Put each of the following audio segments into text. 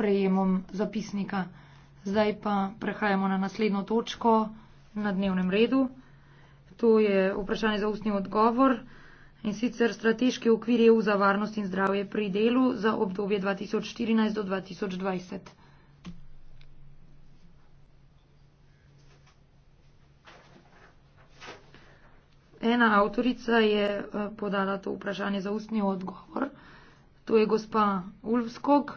sprejemom zapisnika. Zdaj pa prehajamo na naslednjo točko na dnevnem redu. To je vprašanje za ustni odgovor in sicer strateški okvir EU za varnost in zdravje pri delu za obdobje 2014 do 2020. Ena avtorica je eh, podala to vprašanje za ustni odgovor. To je gospa Ulfskog.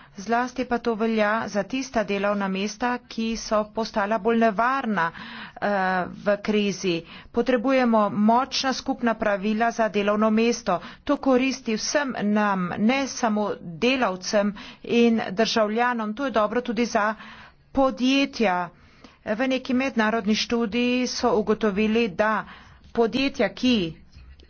zlasti pa to velja za tista delovna mesta, ki so postala bolj nevarna eh, v krizi. Potrebujemo močna skupna pravila za delovno mesto. To koristi vsem nam, ne samo delavcem in državljanom. To je dobro tudi za podjetja. V neki mednarodni študiji so ugotovili, da podjetja, ki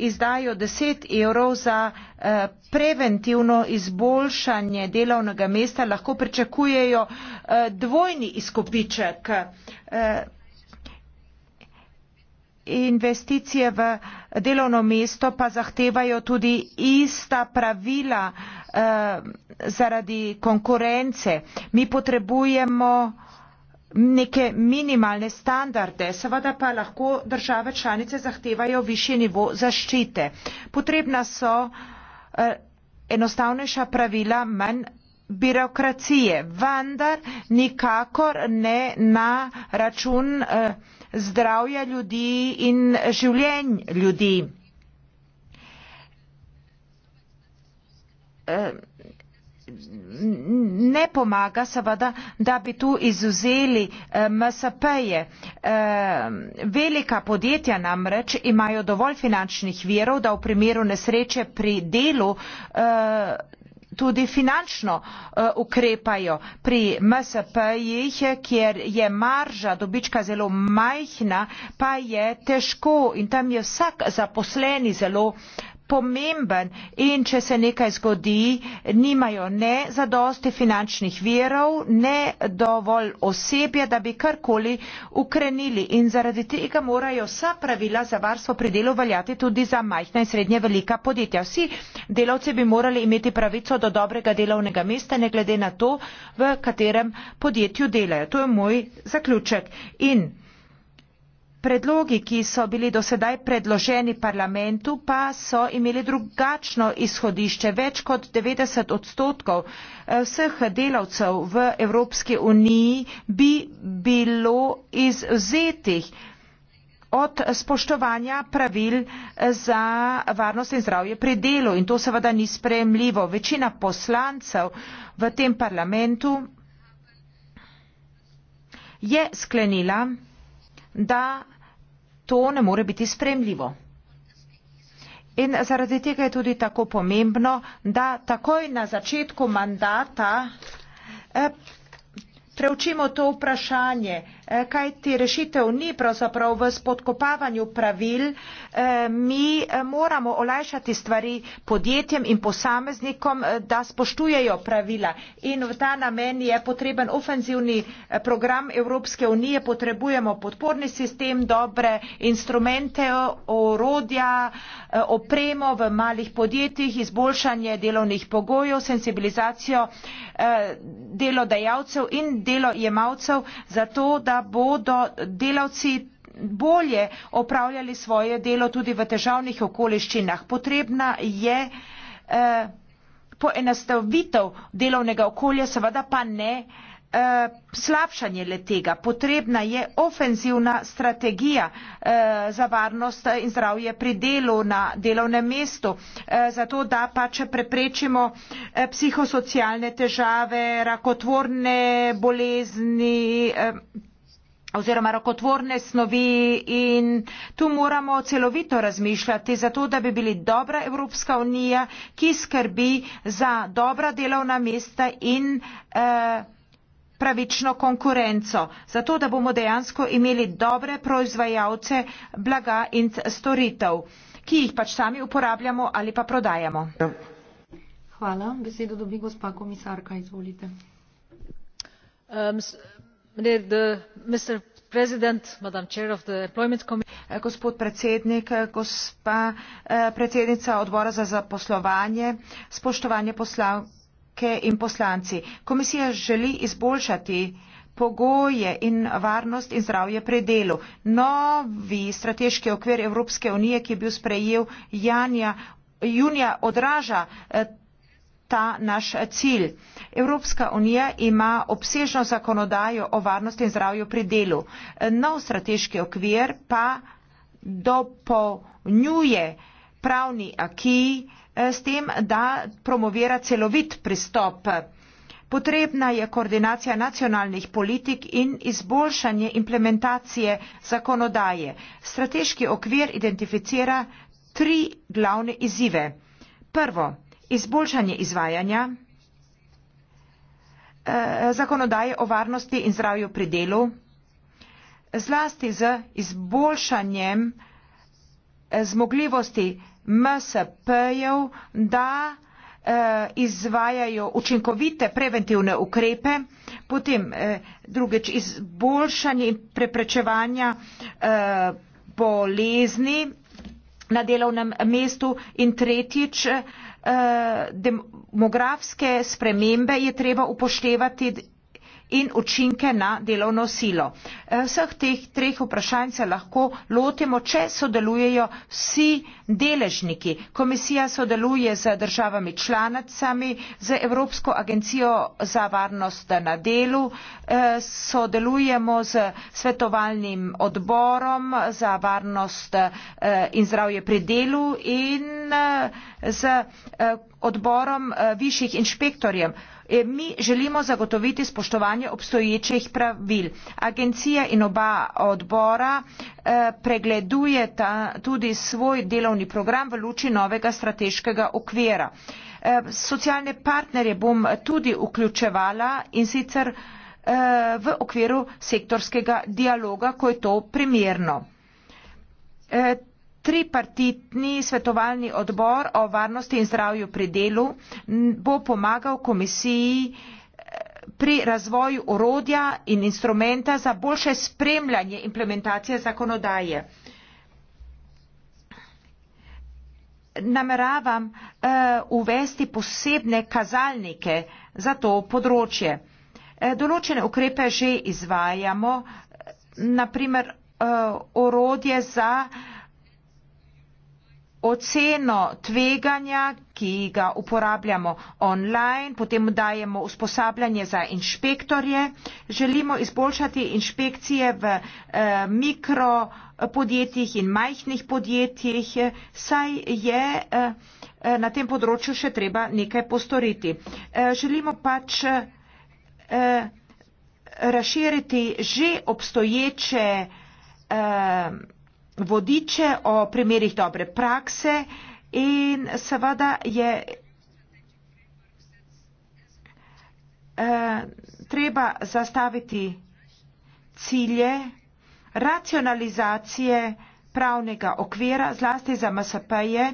izdajo deset evrov za eh, preventivno izboljšanje delovnega mesta, lahko pričakujejo eh, dvojni izkupiček eh, investicije v delovno mesto pa zahtevajo tudi ista pravila eh, zaradi konkurence. Mi potrebujemo eh, neke minimalne standarde. Seveda pa lahko države članice zahtevajo višji nivo zaščite. Potrebna so eh, enostavnejša pravila, manj birokracije, vendar nikakor ne na račun eh, zdravja ljudi in življenj ljudi. Eh, ne pomaga seveda, da bi tu izuzeli eh, MSP-je. Eh, velika podjetja namreč imajo dovolj finančnih virov, da v primeru nesreče pri delu eh, tudi finančno ukrepajo. Pri MSP-jih, kjer je marža dobička zelo majhna, pa je težko in tam je vsak zaposleni zelo pomemben in če se nekaj zgodi, nimajo ne zadosti finančnih virov, ne dovolj osebja, da bi karkoli ukrenili. In zaradi tega morajo vsa pravila za varstvo pri delu veljati tudi za majhna in srednje velika podjetja. Vsi delavci bi morali imeti pravico do dobrega delovnega mesta, ne glede na to, v katerem podjetju delajo. To je moj zaključek. In Predlogi, ki so bili do sedaj predloženi parlamentu, pa so imeli drugačno izhodišče. Več kot 90 odstotkov eh, vseh delavcev v Evropski uniji bi bilo izvzetih od spoštovanja pravil eh, za varnost in zdravje pri delu. In to seveda ni sprejemljivo. Večina poslancev v tem parlamentu je sklenila, da to ne more biti spremljivo. In zaradi tega je tudi tako pomembno, da takoj na začetku mandata eh, preučimo to vprašanje, eh, kaj ti rešitev ni pravzaprav v spodkopavanju pravil. Eh, mi eh, moramo olajšati stvari podjetjem in posameznikom, da spoštujejo pravila. In v ta namen je potreben ofenzivni program Evropske unije, potrebujemo podporni sistem, dobre instrumente, orodja, opremo v malih podjetjih, izboljšanje delovnih pogojev, sensibilizacijo delodajalcev in delodajalcev delojemalcev zato, da bodo delavci bolje opravljali svoje delo tudi v težavnih okoliščinah. Potrebna je eh, poenostavitev delovnega okolja, seveda pa ne eh, Eh, slabšanje letega. Potrebna je ofenzivna strategija eh, za varnost in zdravje pri delu na delovnem mestu, eh, zato da pač preprečimo psihosocialne težave, rakotvorne bolezni oziroma rakotvorne snovi in tu moramo celovito razmišljati, zato da bi bili dobra Evropska unija, ki skrbi za dobra delovna mesta in eh, pravično konkurenco zato da bomo dejansko imeli dobre proizvajalce blaga in storitev ki jih pač sami uporabljamo ali pa prodajamo. Hvala. Besedo dobi gospa komisarka. Izvolite. Um, eh, Gospod predsednik, eh, gospa eh, predsednica odbora za zaposlovanje, spoštovanje poslanke poslanke in poslanci. Komisija želi izboljšati pogoje in varnost in zdravje pri delu. Novi strateški okvir Evropske unije, ki je bil sprejel janja, junija, odraža eh, ta naš eh, cilj. Evropska unija ima obsežno zakonodajo o varnosti in zdravju pri delu. Eh, nov strateški okvir pa dopolnjuje pravni akij, s tem, da promovira celovit pristop. Potrebna je koordinacija nacionalnih politik in izboljšanje implementacije zakonodaje. Strateški okvir identificira tri glavne izzive. Prvo, izboljšanje izvajanja eh, zakonodaje o varnosti in zdravju pri delu, zlasti z izboljšanjem eh, zmogljivosti MSP-jev, da eh, izvajajo učinkovite preventivne ukrepe, potem eh, drugeč izboljšanje in preprečevanja eh, bolezni na delovnem mestu in tretjič demografske spremembe je treba upoštevati in učinke na delovno silo. Vseh teh treh vprašanj se lahko lotimo, če sodelujejo vsi deležniki komisija sodeluje z državami članicami z evropsko agencijo za varnost na delu eh, sodelujemo s svetovalnim odborom za varnost eh, in zdravje pri delu in eh, z odborom višjih inšpektorjev mi želimo zagotoviti spoštovanje obstoječih pravil agencija in oba odbora pregledujeta tudi svoj delovni delovni program v luči novega strateškega okvira. Eh, socialne partnerje bom tudi vključevala in sicer eh, v okviru sektorskega dialoga, ko je to primerno. Eh, tripartitni svetovalni odbor o varnosti in zdravju pri delu bo pomagal komisiji pri razvoju orodja in instrumenta za boljše spremljanje implementacije zakonodaje. nameravam uh, uvesti posebne kazalnike za to področje. Uh, določene ukrepe že izvajamo, eh, naprimer uh, orodje za oceno tveganja, ki ga uporabljamo online, potem dajemo usposabljanje za inšpektorje, želimo izboljšati inšpekcije v uh, mikro. Uh, podjetjih in majhnih podjetjih, saj je eh, na tem področju še treba nekaj postoriti. Eh, želimo pač eh, razširiti že obstoječe vodiče o primerih dobre prakse in seveda je treba zastaviti cilje, racionalizacije pravnega okvira, zlasti za MSP-je.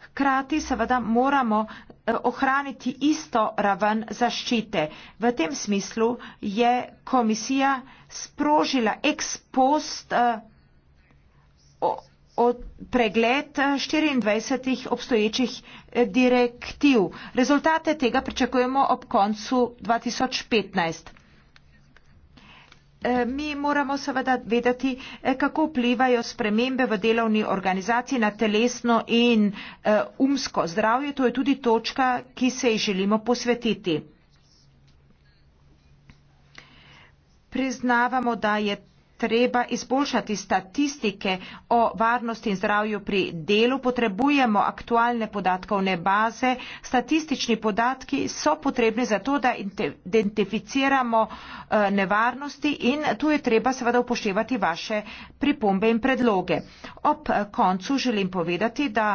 Hkrati seveda moramo eh, ohraniti isto raven zaščite. V tem smislu je komisija sprožila ekspost eh, od pregled 24 eh, obstoječih direktiv. Rezultate tega pričakujemo ob koncu 2015. Eh, mi moramo seveda vedeti, eh, kako vplivajo spremembe v delovni organizaciji na telesno in eh, umsko zdravje. To je tudi točka, ki se ji želimo posvetiti. Priznavamo, da je treba izboljšati statistike o varnosti in zdravju pri delu, potrebujemo aktualne podatkovne baze. Statistični podatki so potrebni za to, da identificiramo eh, nevarnosti in tu je treba seveda upoštevati vaše pripombe in predloge. Ob eh, koncu želim povedati, da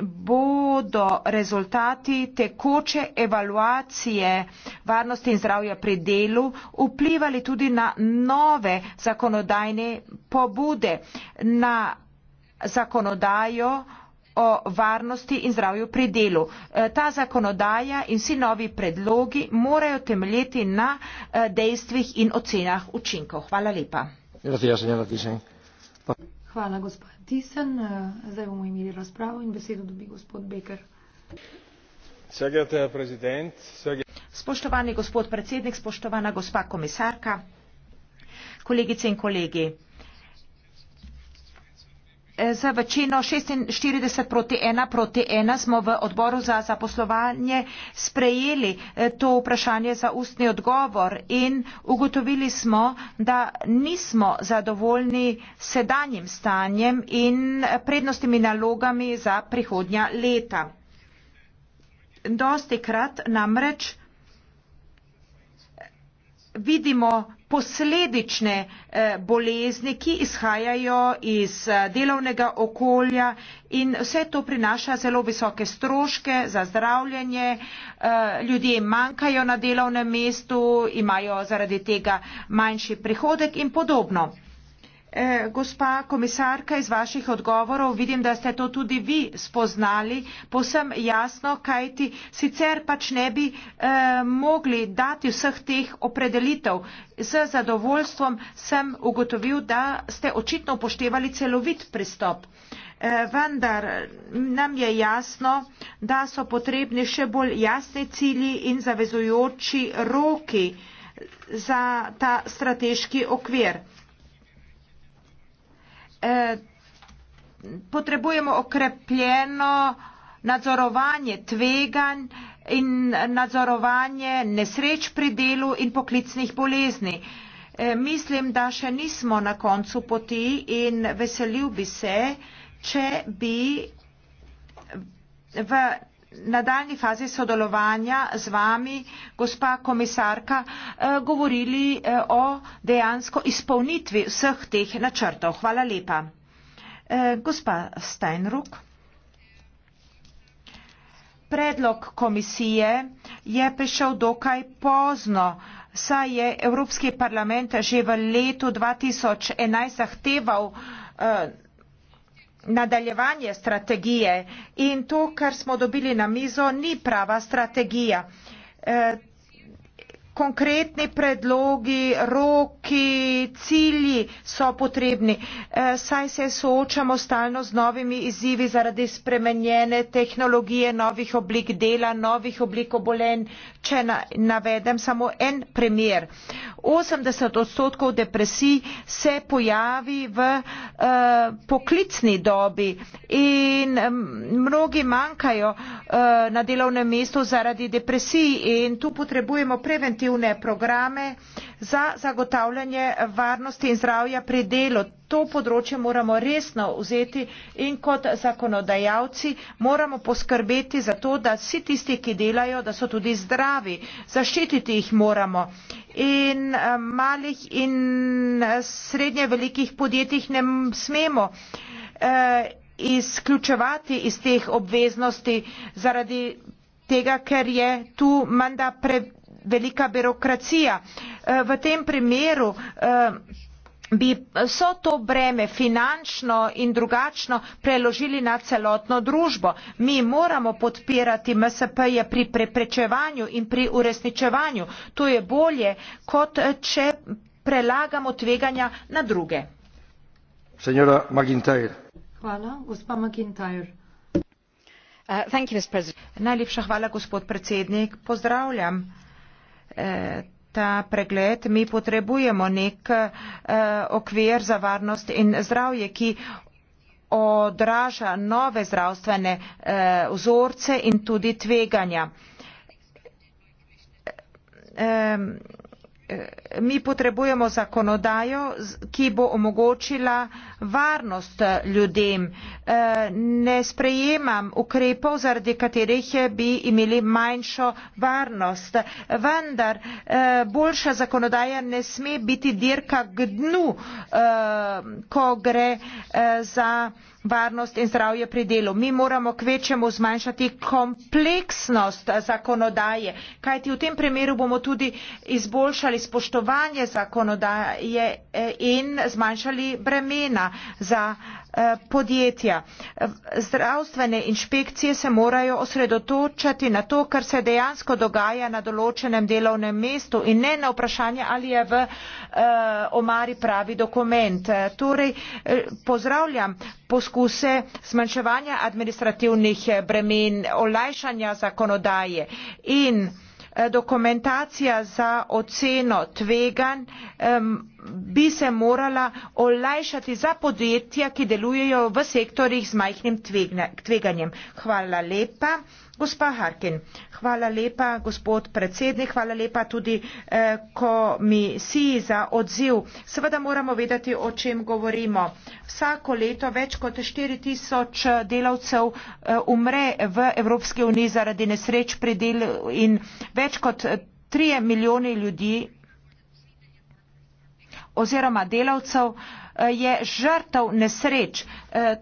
bodo rezultati tekoče evaluacije varnosti in zdravja pri delu vplivali tudi na nove zakonodajne pobude, na zakonodajo o varnosti in zdravju pri delu. E, ta zakonodaja in vsi novi predlogi morajo temeljiti na e, dejstvih in ocenah učinkov. Hvala lepa. Gracias, Hvala, gospod Tisen. Zdaj bomo imeli razpravo in besedo dobi gospod Beker. Spoštovani gospod predsednik, spoštovana gospa komisarka, kolegice in kolegi. E, z večino šestinštirideset proti ena proti ena smo v odboru za zaposlovanje sprejeli e, to vprašanje za ustni odgovor in ugotovili smo da nismo zadovoljni s sedanjim stanjem in prednostnimi nalogami za prihodnja leta dostikrat namreč vidimo posledične eh, bolezni, ki izhajajo iz eh, delovnega okolja in vse to prinaša zelo visoke stroške za zdravljanje. Eh, ljudje manjkajo na delovnem mestu, imajo zaradi tega manjši prihodek in podobno. Eh, gospa komisarka iz vaših odgovorov vidim, da ste to tudi vi spoznali posem jasno, kajti sicer pač ne bi eh, mogli dati vseh teh opredelitev. Z zadovoljstvom sem ugotovil, da ste očitno upoštevali celovit pristop. Eh, vendar nam je jasno, da so potrebni še bolj jasni cilji in zavezujoči roki za ta strateški okvir potrebujemo okrepljeno nadzorovanje tveganj in nadzorovanje nesreč pri delu in poklicnih bolezni. E, mislim, da še nismo na koncu poti in veselil bi se, če bi v nadaljni fazi sodelovanja z vami, gospa komisarka, eh, govorili eh, o dejansko izpolnitvi vseh teh načrtov. Hvala lepa. Eh, gospa Steinruck. Predlog komisije je prišel dokaj pozno, saj je Evropski parlament že v letu 2011 zahteval nadaljevanje strategije in to kar smo dobili na mizo ni prava strategija. Eh, konkretni predlogi, roki, cilji so potrebni. E, saj se soočamo stalno z novimi izzivi zaradi spremenjene tehnologije, novih oblik dela, novih oblik obolen. Če navedem samo en primer. 80 odstotkov depresij se pojavi v uh, poklicni dobi in mnogi manjkajo uh, na delovnem mestu zaradi depresij in tu potrebujemo preventivno preventivne programe za zagotavljanje varnosti in zdravja pri delu. To področje moramo resno vzeti in kot zakonodajalci moramo poskrbeti za to, da vsi tisti, ki delajo, da so tudi zdravi. Zaščititi jih moramo. In eh, malih in eh, srednje velikih podjetjih ne smemo eh, izključevati iz teh obveznosti zaradi tega, ker je tu manda pre, velika birokracija. Eh, v tem primeru eh, bi so to breme finančno in drugačno preložili na celotno družbo. Mi moramo podpirati MSP-je pri preprečevanju in pri uresničevanju. To je bolje, kot eh, če prelagamo tveganja na druge. Senjora McIntyre. Hvala, gospa McIntyre. Uh, thank you, Najlepša hvala, gospod predsednik. Pozdravljam. Uh, Eh, ta pregled. Mi potrebujemo nek eh, okvir za varnost in zdravje, ki odraža nove zdravstvene eh, vzorce in tudi tveganja. Eh, mi potrebujemo zakonodajo, ki bo omogočila varnost eh, ljudem. Eh, ne sprejemam ukrepov, zaradi katerih bi imeli manjšo varnost. Vendar boljša zakonodaja ne sme biti dirka k dnu, ko gre za varnost in zdravje pri delu. Mi moramo k večjemu zmanjšati kompleksnost eh, zakonodaje, kajti v tem primeru bomo tudi izboljšali spoštovanje zakonodaje eh, in zmanjšali bremena za uh, Eh, podjetja. zdravstvene inšpekcije se morajo osredotočati na to kar se dejansko dogaja na določenem delovnem mestu in ne na vprašanje ali je v eh, omari pravi dokument. torej eh, pozdravljam poskuse zmanjševanja administrativnih bremen olajšanja zakonodaje in dokumentacija za oceno tveganj bi se morala olajšati za podjetja, ki delujejo v sektorjih z majhnim tveganjem. Hvala lepa, gospa Harkin. Hvala lepa, gospod predsednik. Hvala lepa tudi eh, komisiji za odziv. Seveda moramo vedeti, o čem govorimo. Vsako leto več kot 4000 eh, delavcev eh, umre v Evropski uniji zaradi nesreč pri delu in več kot 3 eh, milijoni ljudi oziroma delavcev eh, je žrtav nesreč. Eh,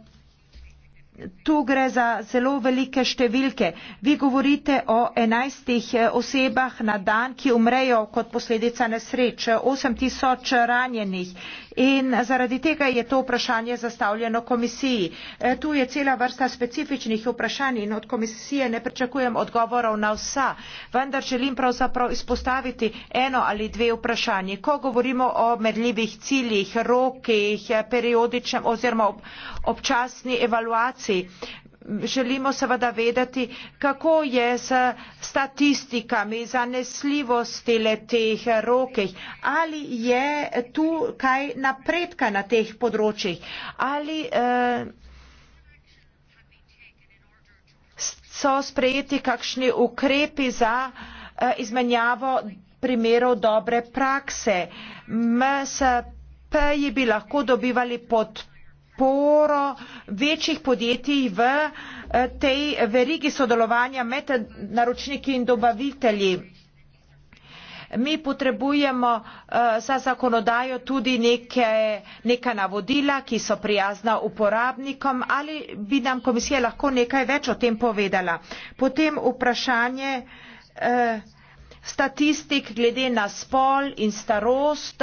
tu gre za zelo velike številke. Vi govorite o enajstih eh, osebah na dan, ki umrejo kot posledica nesreče, osem tisoč ranjenih In zaradi tega je to vprašanje zastavljeno komisiji. E, tu je cela vrsta specifičnih vprašanj in od komisije ne pričakujem odgovorov na vsa, vendar želim pravzaprav izpostaviti eno ali dve vprašanje. Ko govorimo o merljivih ciljih, rokih, periodičnem oziroma občasni evaluaciji, želimo seveda vedeti, kako je s statistikami zanesljivosti le teh rokih, ali je tu kaj napredka na teh področjih, ali uh, so sprejeti kakšni ukrepi za uh, izmenjavo primerov dobre prakse. MSP ji bi lahko dobivali podporo podporo večjih podjetij v eh, tej verigi sodelovanja med naročniki in dobavitelji. Mi potrebujemo eh, za zakonodajo tudi neke, neka navodila, ki so prijazna uporabnikom ali bi nam komisija lahko nekaj več o tem povedala. Potem vprašanje eh, statistik glede na spol in starost.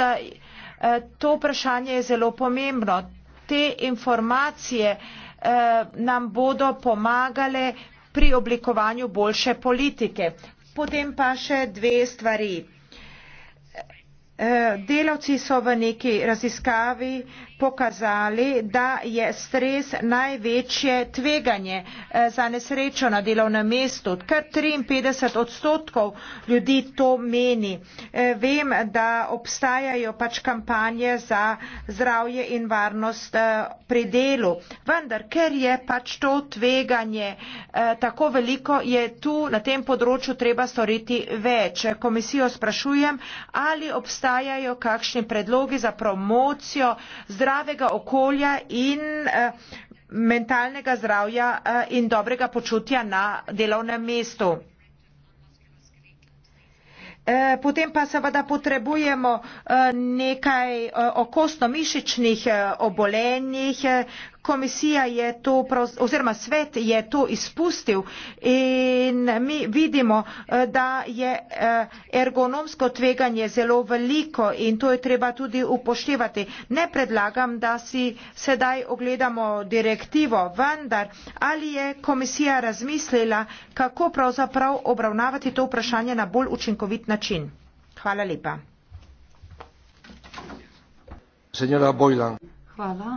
To vprašanje je zelo pomembno te informacije eh, nam bodo pomagale pri oblikovanju boljše politike. Potem pa še dve stvari. Eh, delavci so v neki raziskavi pokazali, da je stres največje tveganje eh, za nesrečo na delovnem mestu. Kar 53 odstotkov ljudi to meni. Eh, vem, da obstajajo pač kampanje za zdravje in varnost eh, pri delu. Vendar, ker je pač to tveganje tako veliko, je tu na tem področju treba storiti več. Komisijo sprašujem, ali obstajajo kakšni predlogi za promocijo zdravja zdravega okolja in eh, mentalnega zdravja eh, in dobrega počutja na delovnem mestu. Eh, potem pa seveda potrebujemo nekaj okostno-mišičnih obolenjih, komisija je to, oziroma svet je to izpustil in mi vidimo, eh, da je eh, ergonomsko tveganje zelo veliko in to je treba tudi upoštevati. Ne predlagam, da si sedaj ogledamo direktivo, vendar ali je komisija razmislila, kako pravzaprav obravnavati to vprašanje na bolj učinkovit način. Hvala lepa. Señora Boylan. Hvala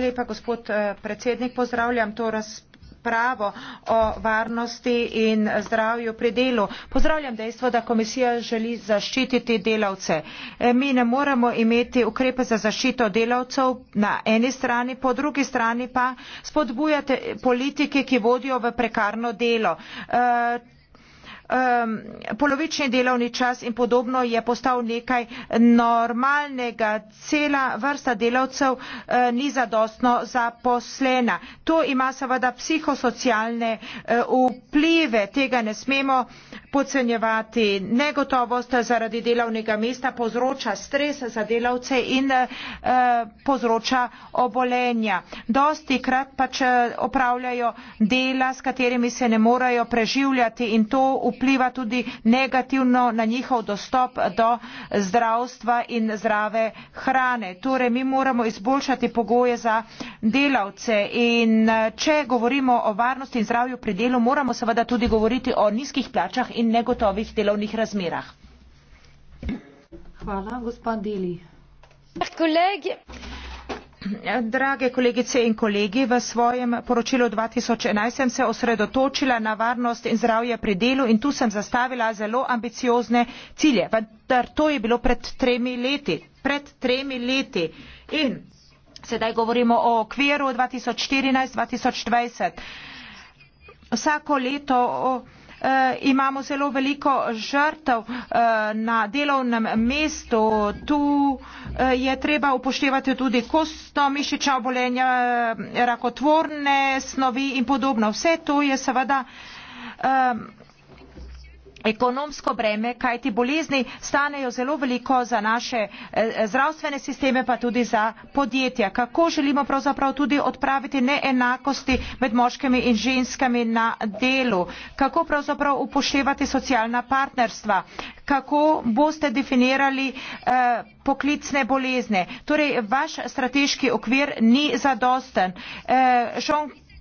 lepa, gospod eh, predsednik. Pozdravljam to razpravo o varnosti in zdravju pri delu. Pozdravljam dejstvo, da komisija želi zaščititi delavce. Eh, mi ne moremo imeti ukrepe za zaščito delavcev na eni strani, po drugi strani pa spodbujate politike, ki vodijo v prekarno delo. Eh, um, polovični delovni čas in podobno je postal nekaj normalnega. Cela vrsta delavcev uh, ni zadostno zaposlena. To ima seveda psihosocialne uh, vplive. Tega ne smemo uh, podcenjevati. Negotovost zaradi delovnega mesta povzroča stres za delavce in eh, povzroča obolenja. Dosti krat pač eh, opravljajo dela, s katerimi se ne morejo preživljati in to vpliva tudi negativno na njihov dostop do zdravstva in zdrave hrane. Torej, mi moramo izboljšati pogoje za delavce in eh, če govorimo o varnosti in zdravju pri delu, moramo seveda tudi govoriti o nizkih plačah in in negotovih delovnih razmerah. Hvala, gospod Deli. Kolegi. Drage kolegice in kolegi, v svojem poročilu 2011 sem se osredotočila na varnost in zdravje pri delu in tu sem zastavila zelo ambiciozne cilje. Vendar to je bilo pred tremi leti. Pred tremi leti. In sedaj govorimo o okviru 2014-2020. Vsako leto. O, Eh, imamo zelo veliko žrtev eh, na delovnem mestu. Tu eh, je treba upoštevati tudi kostno mišična obolenja, rakotvorne snovi in podobno. Vse to je seveda. Um, ekonomsko breme, kajti bolezni stanejo zelo veliko za naše eh, zdravstvene sisteme, pa tudi za podjetja. Kako želimo pravzaprav tudi odpraviti neenakosti med moškimi in ženskami na delu? Kako pravzaprav upoštevati socialna partnerstva? Kako boste definirali eh, poklicne bolezne? Torej, vaš strateški okvir ni zadosten. Eh,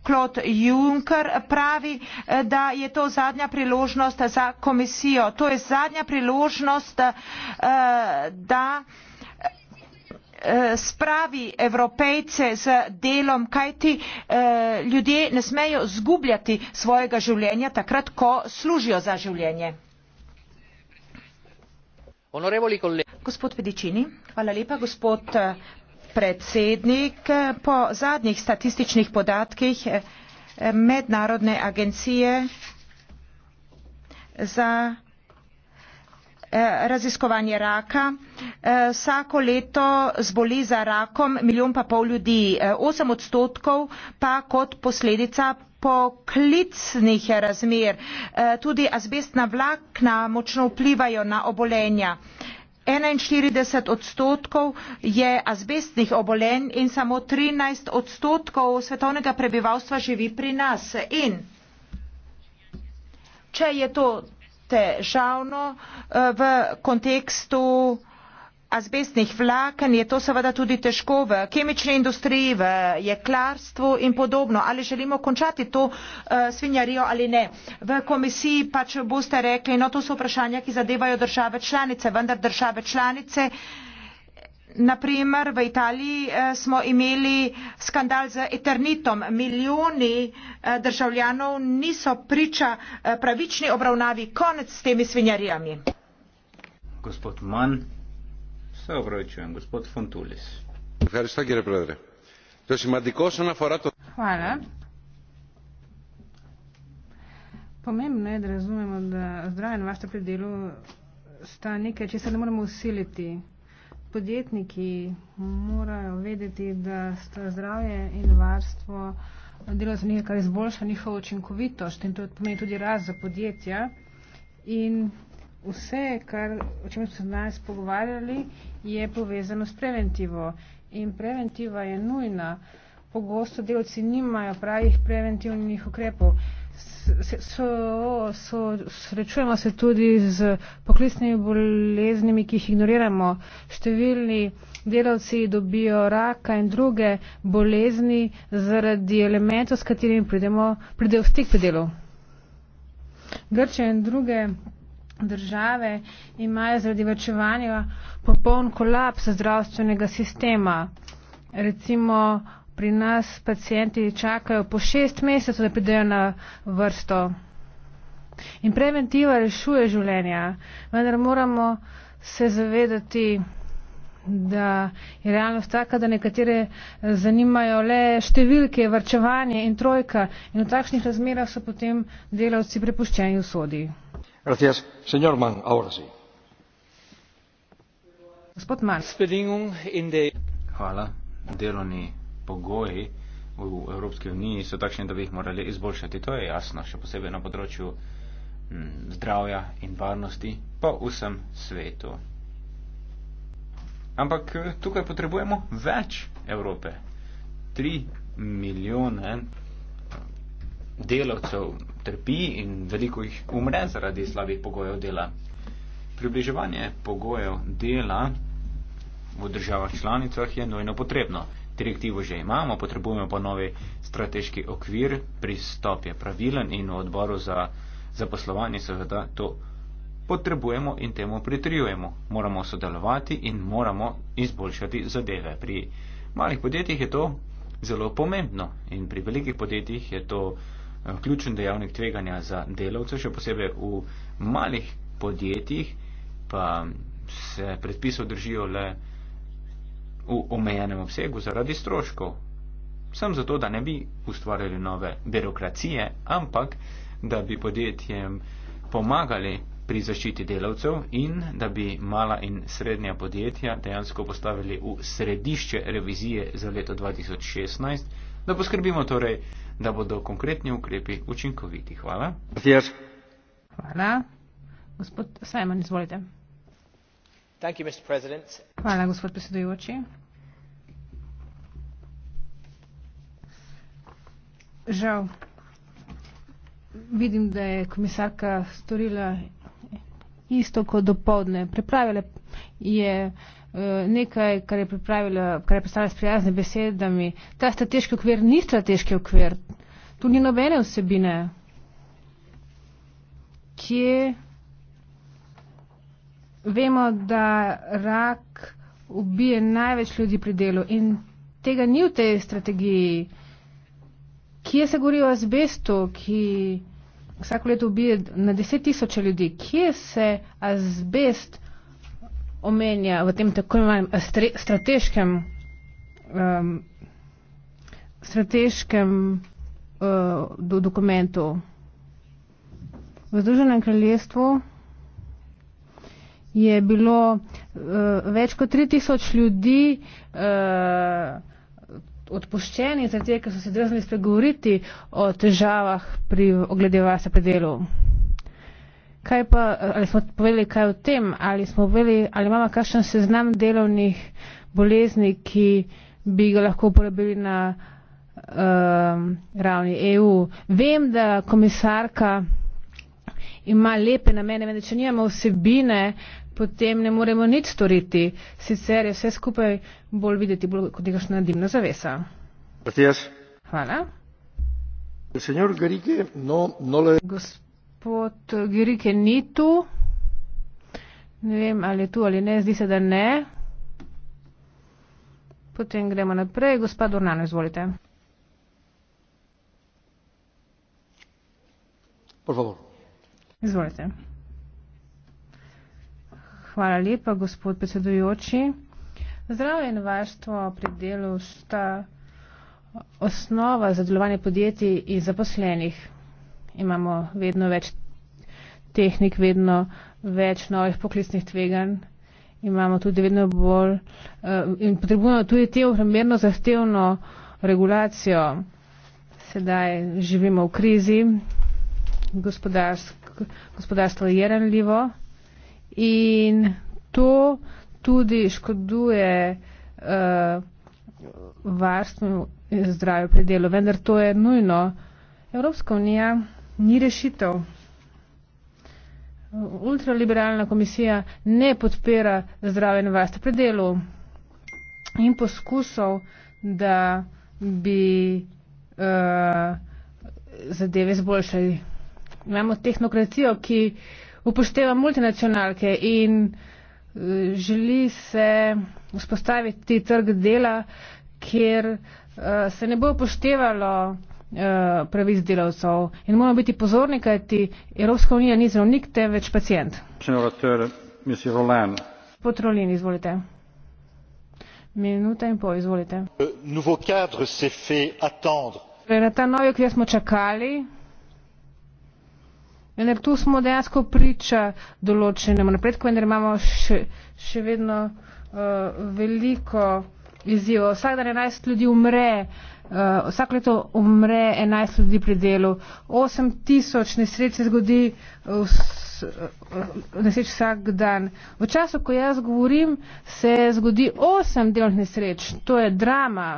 Claude Juncker pravi, eh, da je to zadnja priložnost za komisijo. To je zadnja priložnost, eh, da eh, spravi evropejce z delom, kajti ljudje ne smejo zgubljati svojega življenja takrat, ko služijo za življenje. Gospod Pedičini, hvala lepa. Gospod predsednik. Po zadnjih statističnih podatkih eh, Mednarodne agencije za eh, raziskovanje raka. Eh, vsako leto zboli za rakom milijon pa pol ljudi, 8 odstotkov pa kot posledica poklicnih razmer. Tudi azbestna vlakna močno vplivajo na obolenja enainštirideset odstotkov je azbestnih obolenj in samo trinajst odstotkov svetovnega prebivalstva živi pri nas in če je to težavno eh, v kontekstu azbestnih vlaken je to seveda tudi težko v kemični industriji, v jeklarstvu in podobno. Ali želimo končati to uh, svinjarijo ali ne? V komisiji pa če boste rekli, no to so vprašanja, ki zadevajo države članice, vendar države članice. Naprimer, v Italiji eh, smo imeli skandal z eternitom. Milijoni eh, državljanov niso priča eh, pravični obravnavi. Konec s temi svinjarijami. Gospod Mann ευχαριστώ κύριε πρόεδρε το σημαντικό σαν αφορά το Χαλά. Pomembno je, da razumemo, da zdravje na vašem predelu sta nekaj, če se ne moramo usiliti. Podjetniki morajo vedeti, da sta zdravje in varstvo delo za nekaj, kar izboljša njihovo učinkovitost in to pomeni tudi raz za podjetja. In vse, kar, o čem smo danes pogovarjali, je povezano s preventivo. In preventiva je nujna. Pogosto delci nimajo pravih preventivnih ukrepov. So, so, srečujemo se tudi z poklicnimi boleznimi, ki jih ignoriramo. Številni delavci dobijo raka in druge bolezni zaradi elementov, s katerimi pridemo, pridejo v stik pri delu. Grče in druge države imajo zaradi vrčevanja popoln kolaps zdravstvenega sistema. Recimo pri nas pacijenti čakajo po šest mesecev, da pridejo na vrsto. In preventiva rešuje življenja, vendar moramo se zavedati, da je realnost taka, da nekatere zanimajo le številke, vrčevanje in trojka in v takšnih razmerah so potem delavci prepuščeni v sodi delovni pogoji v evropski uniji so takšni da bi jih morali izboljšati to je jasno še posebej na področju mm, zdravja in varnosti po vsem svetu ampak eh, tukaj potrebujemo več evrope tri milijone eh, delavcev trpi in veliko jih umre zaradi slabih pogojev dela. Približevanje pogojev dela v državah članicah je nujno potrebno. Direktivo že imamo, potrebujemo pa novi strateški okvir, pristop je pravilen in v odboru za zaposlovanje seveda to potrebujemo in temu pritrjujemo. Moramo sodelovati in moramo izboljšati zadeve. Pri malih podjetjih je to zelo pomembno in pri velikih podjetjih je to Eh, ključen dejavnik tveganja za delavce, še posebej v malih podjetjih, pa se predpisov držijo le v omejenem obsegu zaradi stroškov. Sem zato, da ne bi ustvarjali nove birokracije, ampak da bi podjetjem pomagali pri zaščiti delavcev in da bi mala in srednja podjetja dejansko postavili v središče revizije za leto 2016. Da poskrbimo torej, da bodo konkretni ukrepi učinkoviti. Hvala. Yes. Hvala. Gospod Simon, izvolite. Thank you, Mr. President. Hvala, gospod predsedujoči. Žal, vidim, da je komisarka storila isto kot dopovdne. Prepravila je nekaj, kar je pripravila, kar je predstavila s prijazne besedami. Ta strateški okvir ni strateški okvir. Tu ni nobene vsebine. Kje vemo, da rak ubije največ ljudi pri delu in tega ni v tej strategiji. Kje se govori o azbestu, ki vsako leto ubije na deset tisoče ljudi? Kje se azbest omenja v tem tako imenovanem eh, strateškem, um, strateškem uh, do dokumentu. V Združenem kraljestvu je bilo uh, več kot 3000 ljudi uh, odpuščeni, zato ker so se drznili spregovoriti o težavah pri ogledevase predelov. Kaj pa, ali smo povedali kaj o tem, ali smo povedali, ali imamo kakšen seznam delovnih bolezni, ki bi ga lahko uporabili na uh, ravni EU. Vem, da komisarka ima lepe namene, vendar če nimamo vsebine, potem ne moremo nič storiti. Sicer je vse skupaj bolj videti, bolj kot nekakšna dimna zavesa. Hvala. No, no Gospod gospod Girike ni tu. Ne vem, ali je tu ali ne, zdi se, da ne. Potem gremo naprej. Gospod Dornano, izvolite. Por favor. Izvolite. Hvala lepa, gospod predsedujoči. Zdravje in varstvo pri delu sta osnova za delovanje podjetij in zaposlenih imamo vedno več tehnik, vedno več novih poklicnih tveganj, imamo tudi vedno bolj uh, in potrebujemo tudi te vremerno zahtevno regulacijo. Sedaj živimo v krizi, gospodarstvo je ranljivo in to tudi škoduje uh, varstvu in zdravju pri delu, vendar to je nujno. Evropska unija ni rešitev. Ultraliberalna komisija ne podpira zdrave in vaste predelu in poskusov, da bi uh, zadeve zboljšali. Imamo tehnokracijo, ki upošteva multinacionalke in uh, želi se vzpostaviti trg dela, kjer uh, se ne bo upoštevalo Eh, pravic delavcev in moramo biti pozorni, kajti Evropska unija ni zdravnik, temveč pacijent. Potrolin, izvolite. Minuta in pol, izvolite. Torej, na ta novi okvir smo čakali, vendar tu smo dejansko priča določenemu napredku, vendar imamo še, še vedno uh, veliko izzivov. Vsak dan 11 ljudi umre. Uh, Uh, eh, vsak leto umre 11 ljudi pri delu, 8 tisoč nesreč se zgodi eh, vs, uh, vsak dan. V času, ko jaz govorim, se zgodi 8 delovnih nesreč. To je drama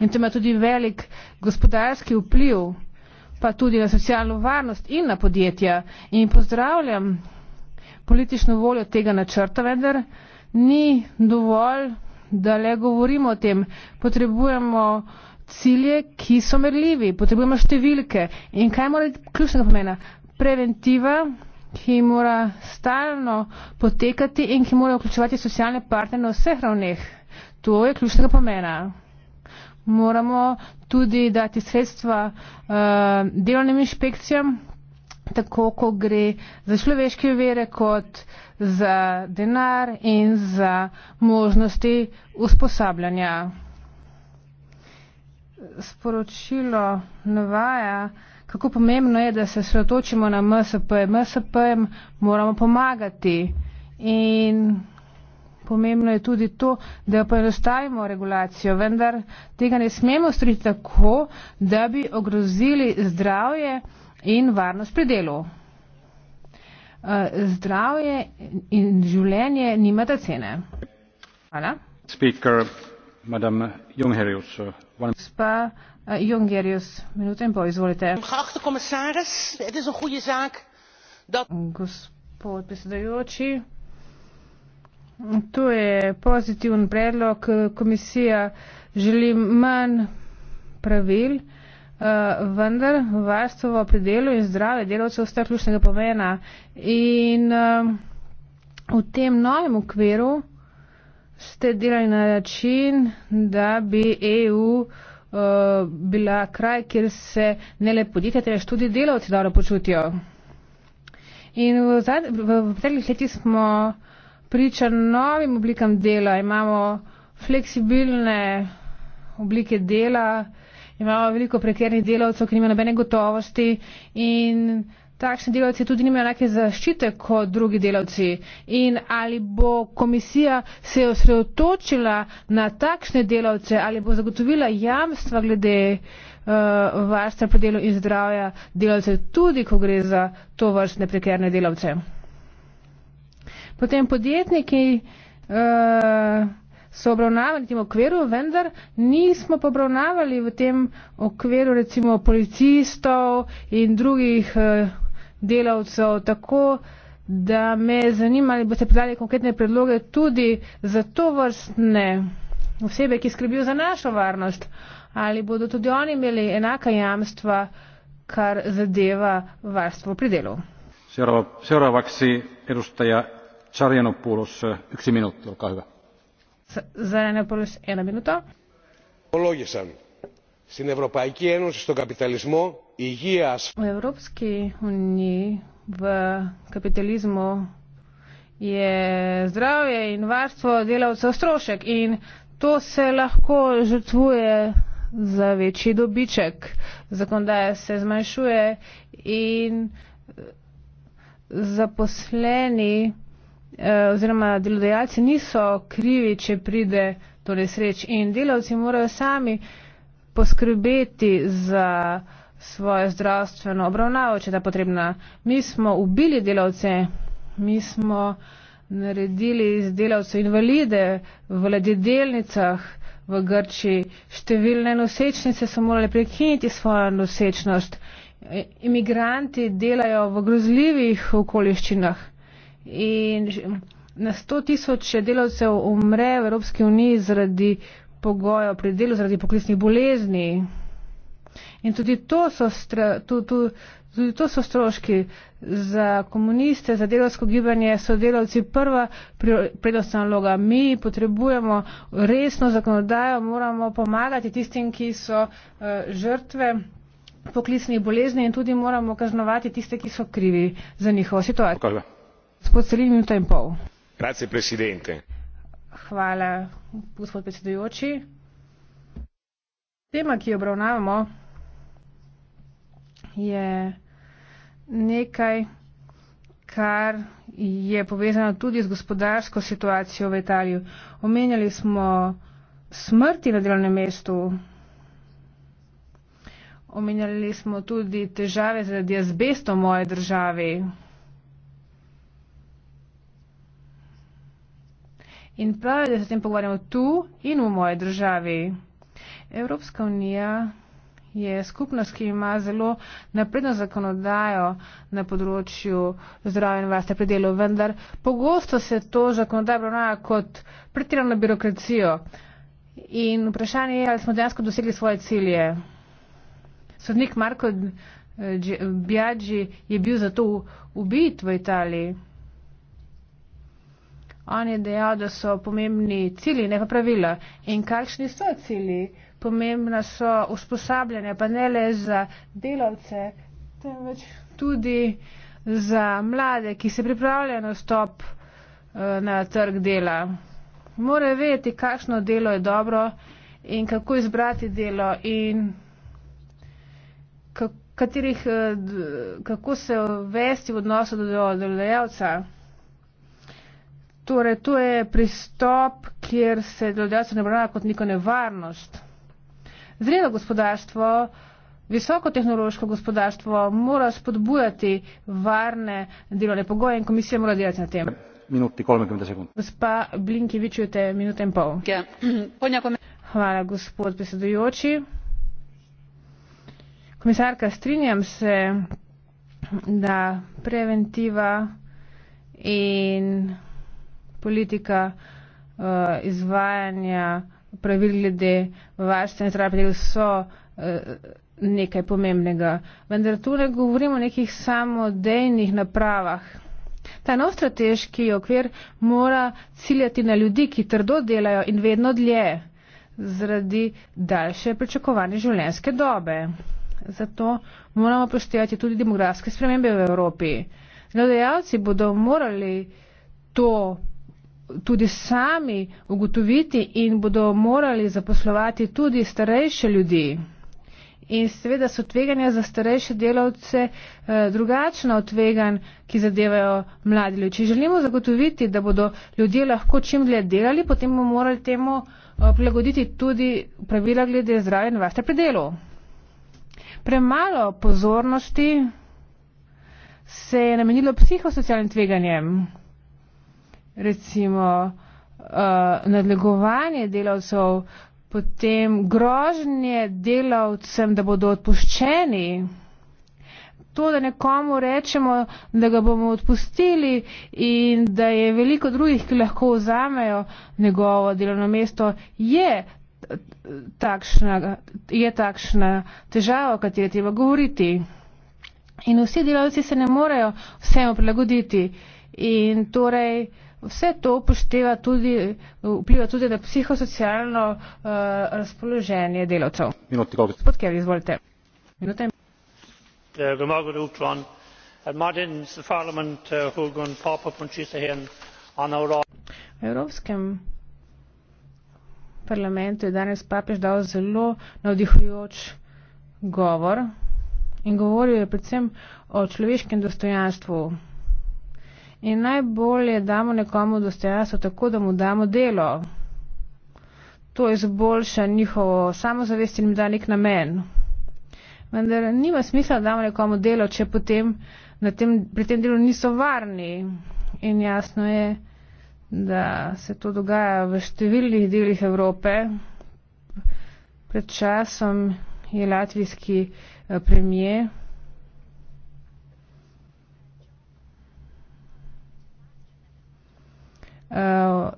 in to ima tudi velik gospodarski vpliv, pa tudi na socialno varnost in na podjetja. In pozdravljam politično voljo tega načrta, vendar ni dovolj da le govorimo o tem. Potrebujemo cilje, ki so merljivi, potrebujemo številke. In kaj mora biti ključnega pomena? Preventiva, ki mora stalno potekati in ki mora vključevati socialne partnerje na vseh ravneh. To je ključnega pomena. Moramo tudi dati sredstva uh, delovnim inšpekcijam, tako ko gre za človeške vere kot uh, za denar in za možnosti usposabljanja. Sporočilo navaja, kako pomembno je, da se sredotočimo na MSP. MSP-jem moramo pomagati in pomembno je tudi to, da poenostavimo regulacijo, vendar tega ne smemo storiti tako, da bi ogrozili zdravje in varnost pri delu. Eh, zdravje in življenje nimata cene. Hvala. Speaker, eh, eh, Jongerius, minuto in pol, izvolite. Geachte commissaris, het is een goede zaak dat. Gospod predsedajoči, to je pozitiven predlog. Komisija želi manj pravil uh, vendar varstvo v predelu in zdrave delavcev sta ključnega pomena. In uh, v tem novem okviru ste delali na način, da bi EU uh, eh, bila kraj, kjer se ne le podjetja, temveč tudi delavci dobro počutijo. In v preteklih letih smo priča novim oblikam dela. Imamo fleksibilne oblike dela, uh, imamo veliko prekernih delavcev, ki nimajo nobene gotovosti in takšni delavci tudi nimajo enake zaščite kot drugi delavci. In ali bo komisija se osredotočila na takšne delavce ali bo zagotovila jamstva glede uh, varstva pri delu in zdravja delavcev, tudi ko gre za to vrstne prekerne delavce. Potem podjetniki. Uh, so obravnavani v tem okviru, vendar nismo pa obravnavali v tem okviru recimo policistov in drugih eh, delavcev tako, da me zanima, ali boste podali konkretne predloge tudi za to vrstne osebe, ki skrbijo za našo varnost, ali bodo tudi oni imeli enaka jamstva, kar zadeva varstvo pri delu. Seuraavaksi edustaja Čarjanopulos, yksi eh, minuutti, olkaa hyvä. Ζαρένα Πολύς, ένα μινούτο. Ολόγησαν στην Ευρωπαϊκή Ένωση, στον καπιταλισμό, υγεία. Ο Ευρώπη Ουνή, в капитализму е здравје и варство делот со строшек и то се лако жртвуе за веќи добичек закон да се змашуе и запослени послени Eh, oziroma delodajalci niso krivi, če pride do nesreč in delavci morajo sami poskrbeti za svojo zdravstveno obravnavo, če je ta potrebna. Mi smo ubili delavce, mi smo naredili iz delavcev invalide v ledidelnicah v Grčiji. Številne nosečnice so morali prekiniti svojo nosečnost. E, imigranti delajo v grozljivih okoliščinah in na 100 tisoč delavcev umre v Evropski uniji zaradi pogojev pri delu, zaradi poklicnih bolezni. In tudi to so, stra, tudi, tudi to so stroški za komuniste, za delovsko gibanje, so delavci prva prednostna naloga. Mi potrebujemo resno zakonodajo, moramo pomagati tistim, ki so uh, žrtve poklicnih bolezni in tudi moramo kaznovati tiste, ki so krivi za njihovo situacijo. Kaj tema ki jo obravnavamo je nekaj kar je povezano tudi z gospodarsko situacijo v italiji omenjali smo smrti na delovnem mestu omenjali smo tudi težave z azbestom v moji državi In prav je, da se s tem pogovarjamo tu in v moji državi. Evropska unija je skupnost, ki ima zelo napredno zakonodajo na področju zdravja in varstva predelov, vendar pogosto se to zakonodajo obravnava kot pretirano birokracijo. In vprašanje je, ali smo dejansko dosegli svoje cilje. Sodnik Marko eh, Biagi je bil zato ubit v Italiji. On je dejal, da so pomembni cilji, ne pa pravila. In kakšni so cilji? Pomembna so usposabljanja, pa ne le za delavce, temveč tudi za mlade, ki se pripravljajo na stop eh, na trg dela. Morajo vedeti, kakšno delo je dobro in kako izbrati delo in katerih, eh, kako se vesti v odnosu do delodajalca. Do, do, do, do, do, do, do, do. Torej, to je pristop, kjer se delodajalce ne obravnava kot neko nevarnost. Zrelo gospodarstvo, visokotehnološko gospodarstvo mora spodbujati varne delovne pogoje in komisija mora delati na tem. Minuti, Gospa Blinki, vi čujete minuto in pol. Ja. Hvala, gospod predsedujoči. Komisarka, strinjam se, da preventiva in politika uh, izvajanja pravil glede varstva in zdravja pridel so uh, nekaj pomembnega. Vendar tu ne govorimo o nekih samodejnih napravah. Ta nov strateški okvir mora ciljati na ljudi, ki trdo delajo in vedno dlje zaradi daljše pričakovane življenjske dobe. Zato moramo poštevati tudi demografske spremembe v Evropi. Nadejavci bodo morali to tudi sami ugotoviti in bodo morali zaposlovati tudi starejše ljudi. In seveda so tveganja za starejše delavce eh, drugačna od tvegan, ki zadevajo mladi ljudi. Če želimo zagotoviti, da bodo ljudje lahko čim dlje delali, potem bomo morali temu eh, prilagoditi tudi pravila glede zdravja in varstva pri delu. Premalo pozornosti se je namenilo psihosocialnim tveganjem recimo uh, nadlegovanje delavcev, potem grožnje delavcem, da bodo odpuščeni. To, da nekomu rečemo, da ga bomo odpustili in da je veliko drugih, ki lahko vzamejo njegovo delovno mesto, je takšna, je takšna težava, o kateri treba govoriti. In vsi delavci se ne morejo vsemu prilagoditi. In torej, uh, Vse to upošteva tudi, vpliva tudi na psihosocialno uh, razpoloženje delavcev. Eh, eh, v Evropskem parlamentu je danes papež dal zelo navdihujoč govor in govoril je predvsem o človeškem dostojanstvu In najbolje damo nekomu dostojanstvo tako, da mu damo delo. To izboljša njihovo samozavest in jim da nek namen. Vendar nima smisla, da damo nekomu delo, če potem tem, pri tem delu niso varni. In jasno je, da se to dogaja v številnih delih Evrope. Pred časom je latvijski eh, premijer. uh,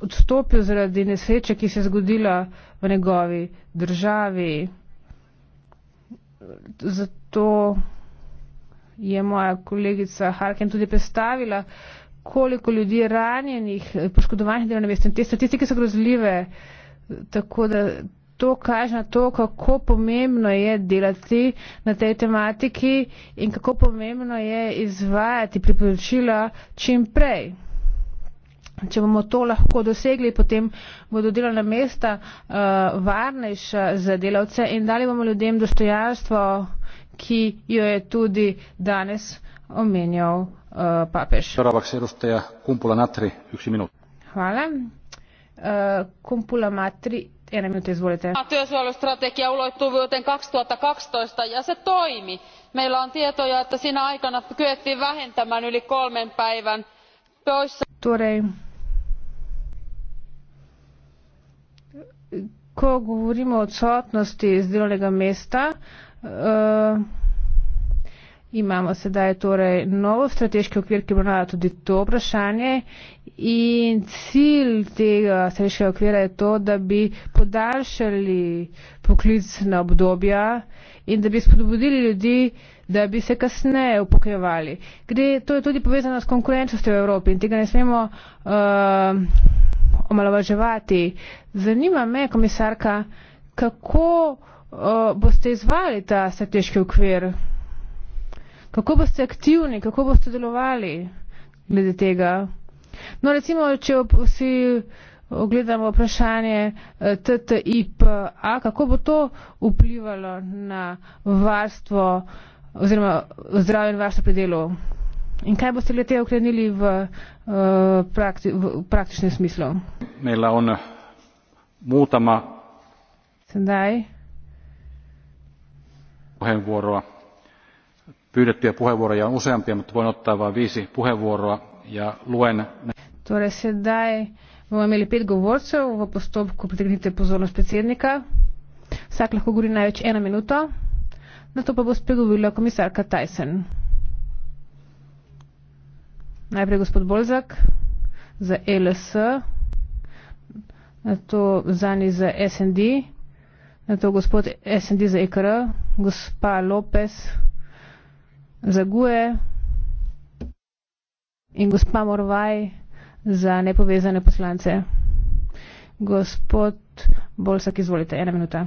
odstopil zaradi nesreče, ki se je zgodila v njegovi državi. Zato je moja kolegica Harken tudi predstavila, koliko ljudi je ranjenih, poškodovanih delovne veste. Te statistike so grozljive, tako da to kaže na to, kako pomembno je delati na tej tematiki in kako pomembno je izvajati priporočila čim prej. Če bomo to lahko dosegli, potem bodo delovna mesta uh, varnejša za delavce in dali bomo ljudem dostojanstvo, ki jo je tudi danes omenjal uh, papež. Hvala. Uh, kumpula matri, ena minuta izvolite. Työsuojelustrategia ulottuu vuoteen 2012 ja se toimi. Meillä on tietoja, että siinä aikana kyettiin vähentämään yli kolmen päivän poissa. Torej, ko govorimo o odsotnosti z delovnega mesta, uh, imamo sedaj torej novo strateški okvir, ki obravnava tudi to vprašanje. In cilj tega strateškega okvira je to, da bi podaljšali poklicna obdobja in da bi spodbudili ljudi, da bi se kasneje upokojevali. To je tudi povezano s konkurenčnostjo v Evropi in tega ne smemo. Uh, omalovaževati. Zanima me, komisarka, kako uh, boste izvali ta strateški okvir, kako boste aktivni, kako boste delovali glede tega. No, recimo, če vsi ogledamo vprašanje e, TTIP-a, kako bo to vplivalo na varstvo oziroma zdravje in varstvo pri delu? In kaj boste le te ukrenili v, uh, prakti v praktičnem smislu? Sedaj. pyydettyjä puheenvuoroja on useampia, mutta voin ottaa vain viisi puheenvuoroa ja luen. Tore se dai, voimme meille pet govorcev, v postopku pritegnite pozornost predsjednika. Sak lahko govori največ ena minuta, na to pa bo spregovorila komisarka Tyson. Najprej gospod Bolzak za e LS, nato Zani za SND, nato gospod SND za IKR, e gospa Lopes za GUE in gospa Morvaj za nepovezane poslance. Gospod Bolsak, izvolite, ena minuta.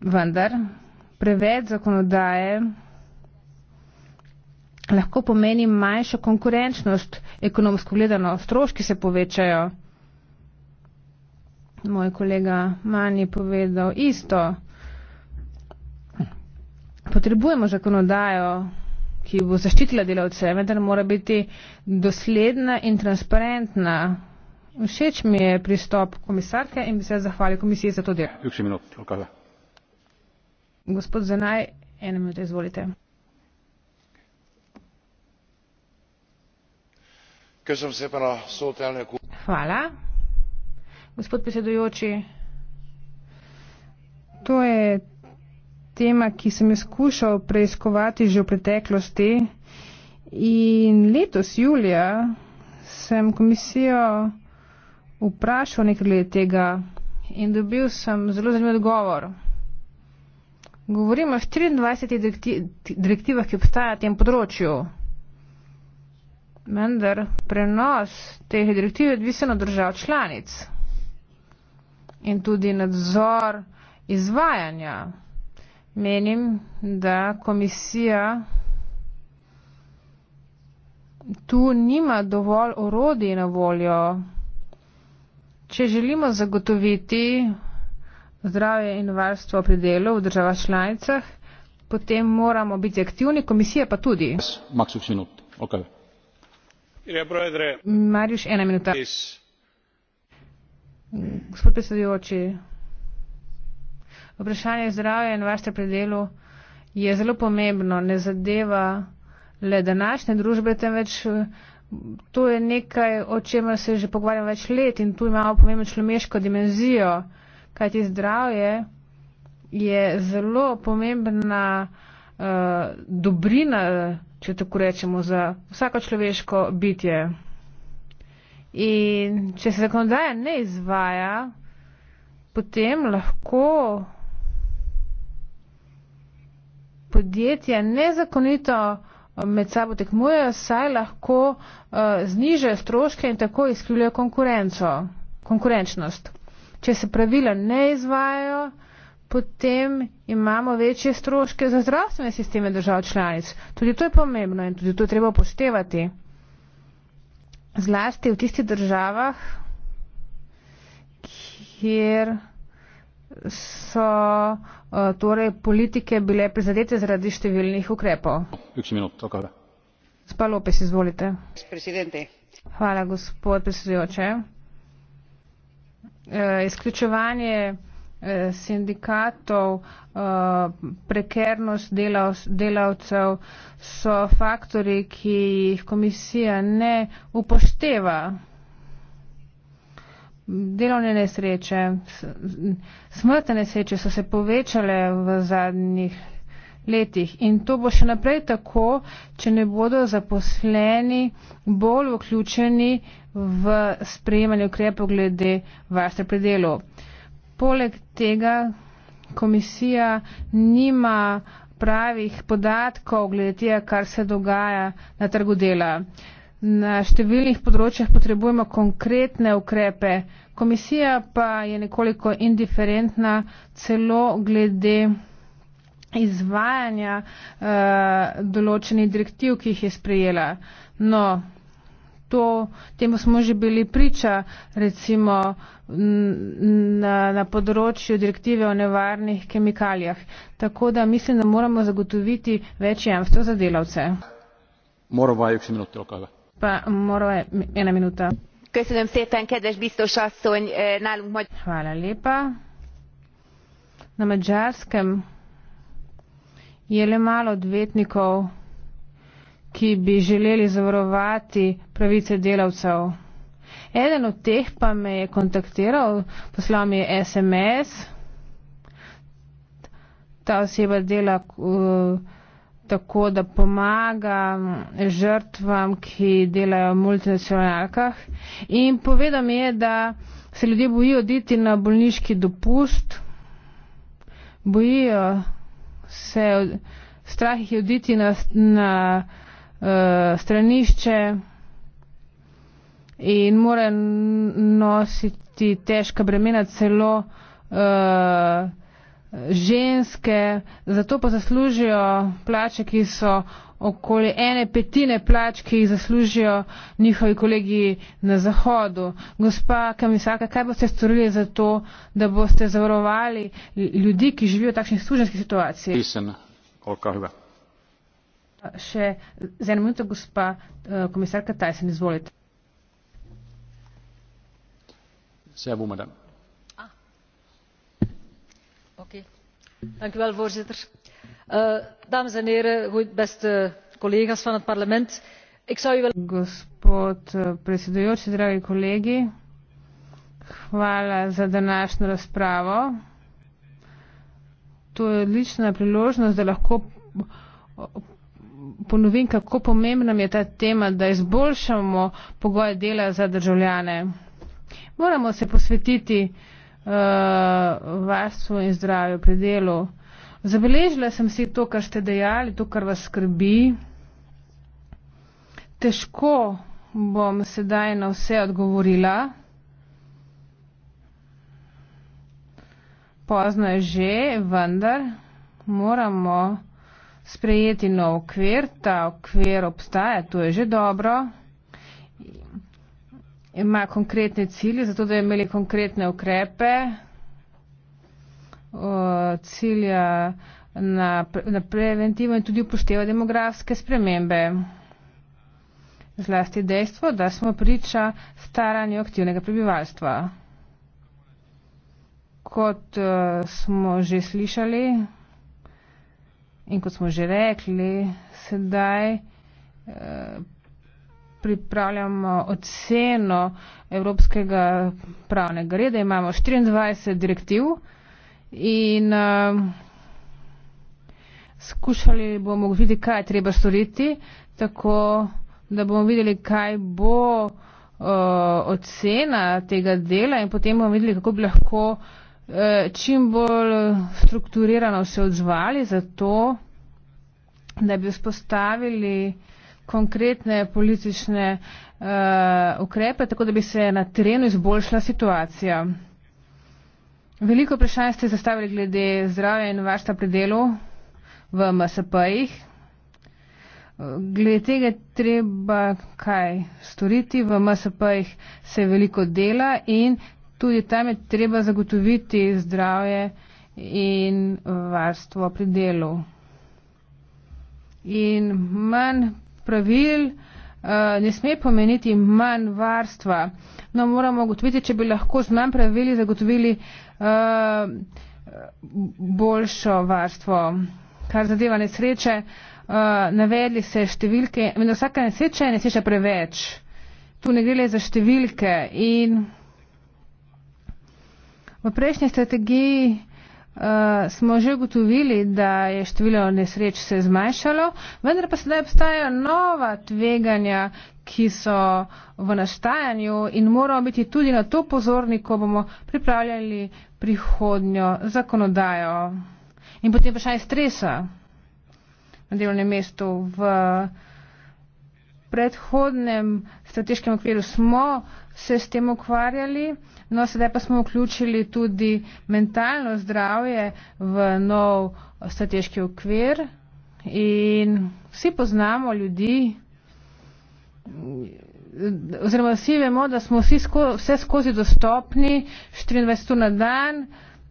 Vendar preveč zakonodaje lahko pomeni manjšo konkurenčnost, ekonomsko gledano, stroški se povečajo. Moj kolega Mani je povedal isto. Potrebujemo zakonodajo, ki bo zaščitila delavce, vendar mora biti dosledna in transparentna. Všeč mi je pristop komisarke in bi se zahvalil komisiji za to delo. Gospod Zenaj, eno minuto izvolite. Ker sem se pa na sotelne kupi. Hvala. Gospod predsedujoči, to je tema, ki sem jo skušal preiskovati že v preteklosti. In letos julija sem komisijo vprašal nekaj glede tega in dobil sem zelo zanimiv odgovor. Govorimo o 24 direktivah, ki obstajajo na tem področju. Vendar prenos teh direktiv je odvisen od držav članic in tudi nadzor izvajanja. Menim, da komisija tu nima dovolj orodij na voljo. Če želimo zagotoviti zdravje in varstvo pri delu v državah članicah, potem moramo biti aktivni, komisije pa tudi. Ja, Marjuš, ena minuta. Gospod predsedujoči, vprašanje zdravja in varstva pri delu je zelo pomembno, ne zadeva le današnje družbe, temveč to je nekaj, o čemer se že pogovarjam več let in tu imamo pomembno človeško dimenzijo kajti zdravje je zelo pomembna uh, dobrina, če tako rečemo, za vsako človeško bitje. In če se zakonodaja ne izvaja, potem lahko podjetja nezakonito eh, med sabo tekmujejo, saj lahko uh, znižajo stroške in tako izkljujejo konkurenco, konkurenčnost. Če se pravila ne izvajo, potem imamo večje stroške za zdravstvene sisteme držav članic. Tudi to je pomembno in tudi to je treba upoštevati. Zlasti v tistih državah, kjer so uh, torej politike bile prizadete zaradi številnih ukrepov. Gospa Lopes, izvolite. Hvala, gospod predsedujoče. Eh, izključevanje eh, sindikatov, eh, prekernost delavcev so faktori, ki jih komisija ne upošteva. Delovne nesreče, smrtne nesreče so se povečale v zadnjih letih. In to bo še naprej tako, če ne bodo zaposleni bolj vključeni v sprejemanje ukrepov glede varstva predelov. Poleg tega komisija nima pravih podatkov glede tega, kar se dogaja na trgu dela. Na številnih področjih potrebujemo konkretne ukrepe, komisija pa je nekoliko indiferentna celo glede izvajanja uh, določenih direktiv, ki jih je sprejela. No, to, temu smo že bili priča, recimo na, na področju direktive o nevarnih kemikalijah. Tako da mislim, da moramo zagotoviti več jamstva za delavce. Morava je še minuto, kaj ve? Pa morava je ena minuta. Köszönöm szépen, kedves biztos asszony, eh, nálunk majd. Hvala lépa. Na Magyarskem je le malo odvetnikov, ki bi želeli zavarovati pravice delavcev. Eden od teh pa me je kontaktiral, poslal mi je SMS. Ta oseba dela uh, tako, da pomaga žrtvam, ki delajo v multinacionalkah. In povedal mi je, da se ljudje bojijo oditi na bolniški dopust. Bojijo, se strah jih je oditi na, na uh, stranišče in mora nositi težka bremena celo uh, ženske, zato pa zaslužijo plače, ki so okoli ene petine plač, ki jih zaslužijo njihovi kolegi na zahodu. Gospa komisarka, kaj boste storili za to, da boste zavarovali ljudi, ki živijo v takšnih služenskih situacijah? Še za eno minuto, gospa eh, komisarka Tyson, izvolite. Se bomo, da. Ah. Okay. Dankjewel, voorzitter. Eh, dames en heren beste collega's van het parlement ik zou u willen. gospod eh, predsedujoči dragi kolegi hvala za današnjo razpravo. to je odlična priložnost da lahko eh, ponovim kako pomembna je ta tema da izboljšamo pogoje dela za državljane. moramo se posvetiti uh, varstvu in zdravju pri delu. Zabeležila sem si to, kar ste dejali, to, kar vas skrbi. Težko bom sedaj na vse odgovorila. Pozno je že, vendar moramo sprejeti nov okvir. Ta okvir obstaja, to je že dobro. Ima konkretne cilje, zato da je imeli konkretne ukrepe, Eh, cilja na, na preventivo in tudi upošteva demografske spremembe. Zlasti dejstvo, da smo priča staranju aktivnega prebivalstva. Kot uh, smo že slišali in kot smo že rekli, sedaj uh, pripravljamo oceno Evropskega pravnega reda. Imamo 24 direktiv, uh, in uh, skušali bomo ugotoviti, kaj treba storiti, tako da bomo videli, kaj bo uh, ocena tega dela in potem bomo videli, kako bi lahko uh, čim bolj strukturirano se odzvali za to, da bi vzpostavili konkretne politične uh, ukrepe, tako da bi se na terenu izboljšala situacija. Veliko vprašanj ste zastavili glede zdravja in varstva pri delu v MSP-jih. Glede tega treba kaj storiti. V MSP-jih se veliko dela in tudi tam je treba zagotoviti zdravje in varstvo pri delu. In manj pravil, Eh, ne sme pomeniti manj varstva. No, moramo ugotoviti, če bi lahko z nam pravili zagotovili eh, boljšo varstvo. Kar zadeva nesreče, eh, navedli se številke, in vsaka nesreča je nesreča preveč. Tu ne gre le za številke. In v prejšnji strategiji uh, smo že ugotovili, da je število nesreč se zmanjšalo, vendar pa sedaj obstajajo nova tveganja, ki so v nastajanju in moramo biti tudi na to pozorni, ko bomo pripravljali prihodnjo zakonodajo. In potem vprašanje stresa na delovnem mestu. V predhodnem strateškem okviru smo uh, se s tem ukvarjali. No, sedaj pa smo vključili tudi mentalno zdravje v nov strateški okvir in vsi poznamo ljudi, oziroma vsi vemo, da smo vsi sko vse skozi dostopni 24 na dan.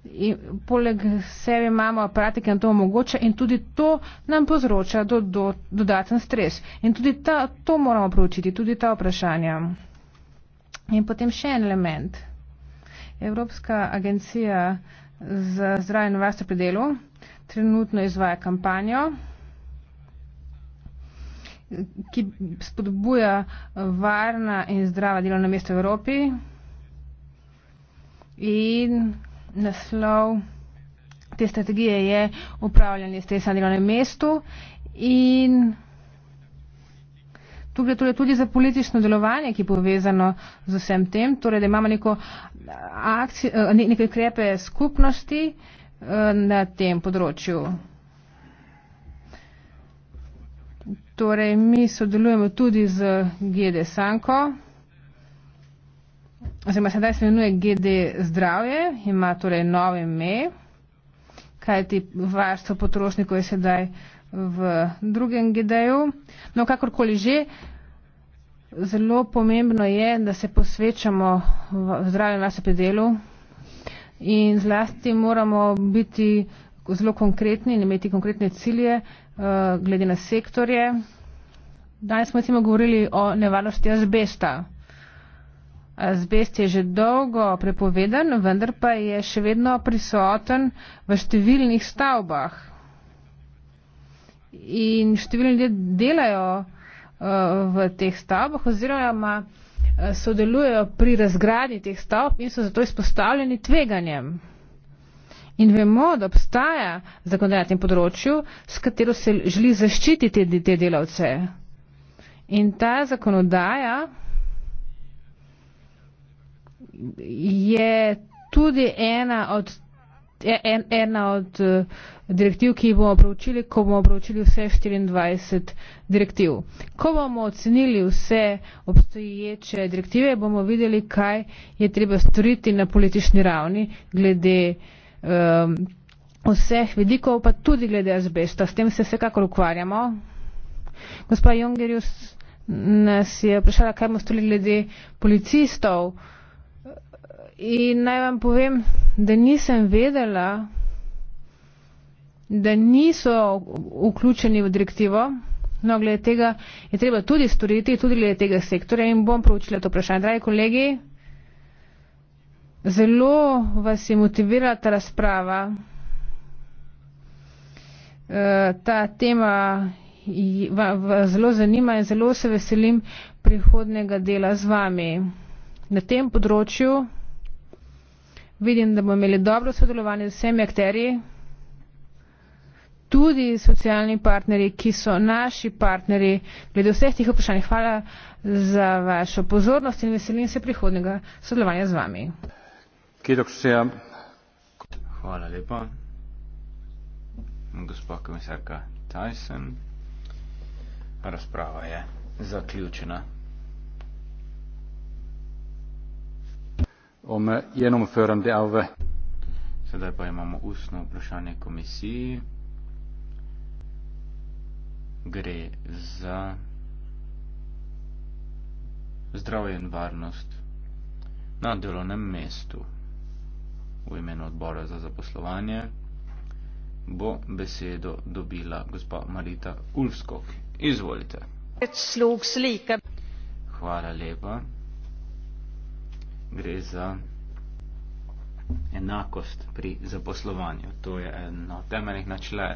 In poleg sebe imamo aparate, ki nam to omogoča in tudi to nam povzroča do, do, dodaten stres. In tudi ta, to moramo proučiti, tudi ta vprašanja. In potem še en element. Evropska agencija za zdravje in varstvo pri delu trenutno izvaja kampanjo, ki spodbuja varna in zdrava delovna mesta v Evropi in naslov te strategije je upravljanje stresa na delovnem mestu in tu gre torej tudi za politično delovanje, ki je povezano z vsem tem, torej da imamo neko akcijo, e, neke ukrepe skupnosti e, na tem področju. Torej, mi sodelujemo tudi z GD Sanko, oziroma sedaj se imenuje GD Zdravje, ima torej nove ime, kajti varstvo potrošnikov je sedaj uh, v drugem gedeju. No, kakorkoli že, zelo pomembno je, da se posvečamo v zdravju vase pri delu in zlasti moramo biti zelo konkretni in imeti konkretne cilje uh, glede na sektorje. Danes smo recimo govorili o nevarnosti azbesta. Azbest je že dolgo prepovedan, vendar pa je še vedno prisoten v številnih stavbah in številni ljudje delajo eh, v teh stavbah oziroma eh, sodelujejo pri razgradnji teh stavb in so zato izpostavljeni tveganjem. In vemo, da obstaja zakonodaja na tem področju, s katero se želi zaščititi te, te delavce. In ta zakonodaja je tudi ena od, e, en, ena od uh, direktiv, ki jih bomo proučili, ko bomo proučili vse 24 direktiv. Ko bomo ocenili vse obstoječe direktive, bomo videli, kaj je treba storiti na politični ravni glede um, vseh vidikov, pa tudi glede azbesta. S tem se vsekakor ukvarjamo. Gospa Jongerjus nas je vprašala, kaj bomo storili glede policistov. In naj vam povem, da nisem vedela, da niso vključeni v direktivo. No, glede tega je treba tudi storiti, tudi glede tega sektorja in bom proučila to vprašanje. Dragi kolegi, zelo vas je motivirala ta razprava. E, ta tema vas zelo zanima in zelo se veselim prihodnega dela z vami. Na tem področju vidim, da bomo imeli dobro sodelovanje z vsemi akterji tudi socialni partnerji, ki so naši partnerji glede vseh tih vprašanj. Hvala za vašo pozornost in veselim se prihodnega sodelovanja z vami. Ja. Hvala lepa. Gospa komisarka Tyson, razprava je zaključena. Eh, Sedaj pa imamo ustno vprašanje komisiji gre za zdravje in varnost na delovnem mestu. V imenu odbora za zaposlovanje bo besedo dobila gospa Marita Ulfskog. Izvolite. Hvala lepa. Gre za enakost pri zaposlovanju. To je eno temeljnih načel.